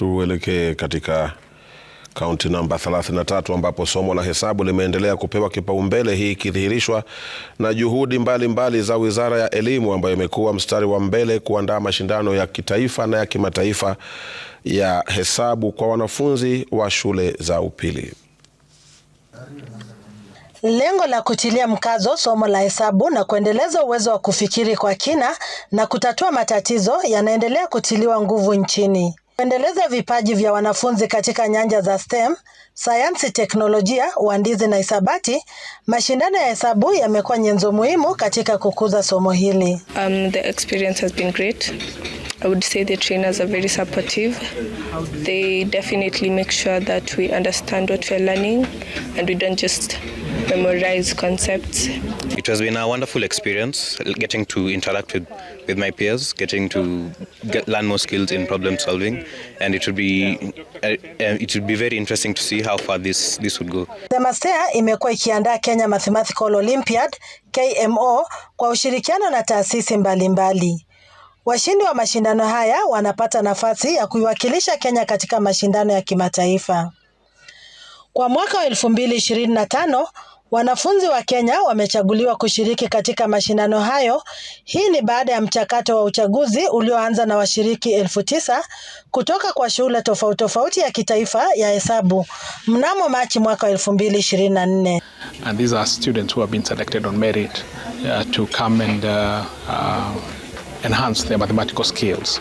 Tuelekee katika kaunti namba 33 ambapo somo la hesabu limeendelea kupewa kipaumbele, hii ikidhihirishwa na juhudi mbalimbali mbali za Wizara ya Elimu ambayo imekuwa mstari wa mbele kuandaa mashindano ya kitaifa na ya kimataifa ya hesabu kwa wanafunzi wa shule za upili. Lengo la kutilia mkazo somo la hesabu na kuendeleza uwezo wa kufikiri kwa kina na kutatua matatizo yanaendelea kutiliwa nguvu nchini. Kuendeleza vipaji vya wanafunzi katika nyanja za STEM, sayansi, teknolojia, uhandisi na hisabati, mashindano ya hesabu yamekuwa nyenzo muhimu katika kukuza somo hili. Um, the experience has been great. I would say the trainers are very supportive. They definitely make sure that we understand what we are learning and we don't just memorize concepts. It has been a wonderful experience getting to interact with, with my peers, getting to get, learn more skills in problem solving, and it would be uh, uh it would be very interesting to see how far this this would go. The Mastea imekuwa ikiandaa Kenya Mathematical Olympiad KMO kwa ushirikiano na taasisi mbalimbali. Washindi wa mashindano haya wanapata nafasi ya kuiwakilisha Kenya katika mashindano ya kimataifa. Kwa mwaka wa 2025 Wanafunzi wa Kenya wamechaguliwa kushiriki katika mashindano hayo. Hii ni baada ya mchakato wa uchaguzi ulioanza na washiriki elfu tisa kutoka kwa shule tofauti tofauti ya kitaifa ya hesabu mnamo Machi mwaka 2024. And these are students who have been selected on merit uh, to come and uh, uh, enhance their mathematical skills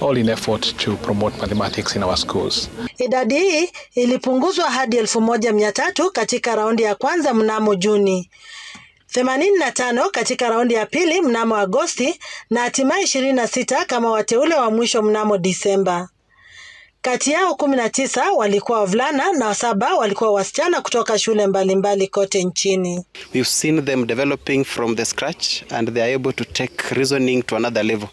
all in effort to promote mathematics in our schools. Idadi hii ilipunguzwa hadi elfu moja mia tatu katika raundi ya kwanza mnamo Juni 85 katika raundi ya pili mnamo Agosti na hatimaye 26 kama wateule wa mwisho mnamo Disemba. Kati yao kumi na tisa walikuwa wavulana na saba walikuwa wasichana kutoka shule mbalimbali mbali kote nchini. We've seen them developing from the scratch and they are able to take reasoning to another level.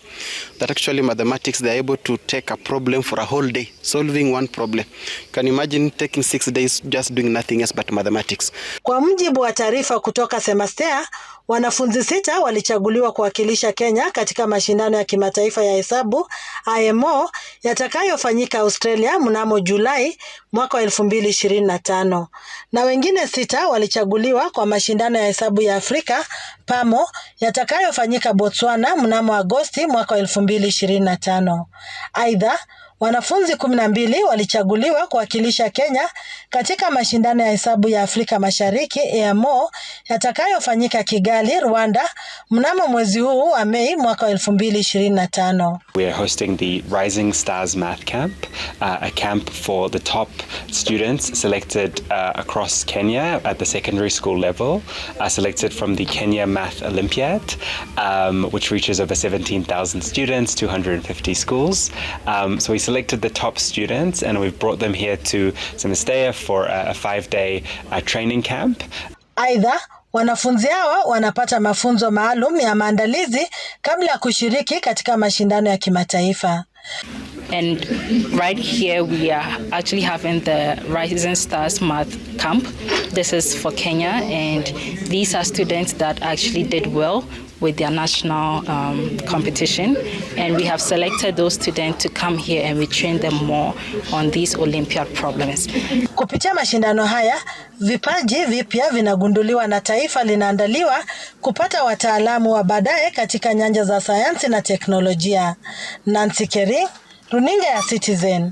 That actually mathematics they are able to take a problem for a whole day, solving one problem. Can you imagine taking six days just doing nothing else but mathematics? Kwa mjibu wa taarifa kutoka Semastea Wanafunzi sita walichaguliwa kuwakilisha Kenya katika mashindano ya kimataifa ya hesabu IMO yatakayofanyika Australia mnamo Julai mwaka 2025 na wengine sita walichaguliwa kwa mashindano ya hesabu ya Afrika PAMO yatakayofanyika Botswana mnamo Agosti mwaka 2025. Aidha, Wanafunzi kumi na mbili walichaguliwa kuwakilisha Kenya katika mashindano ya hesabu ya Afrika Mashariki EAMO yatakayofanyika Kigali, Rwanda mnamo mwezi huu wa Mei mwaka 2025. We are hosting the Rising Stars Math Camp, uh, a camp for the top students selected uh, across Kenya at the secondary school level, uh, selected from the Kenya Math Olympiad, um, which reaches over 17,000 students, 250 schools. Um, so we selected the top students and we've brought them here to Semestea for a, five day uh, training camp. Aidha, wanafunzi hawa wanapata mafunzo maalum ya maandalizi kabla ya kushiriki katika mashindano ya kimataifa. And right here we are actually having the Rising Stars Math Camp. This is for Kenya, and these are students that actually did well with their national um, competition. And we have selected those students to come here and we train them more on these Olympiad problems. Kupitia mashindano haya, vipaji vipya vinagunduliwa na taifa linaandaliwa kupata wataalamu wa baadaye katika nyanja za sayansi na teknolojia. Nancy Kering, Runinga ya Citizen.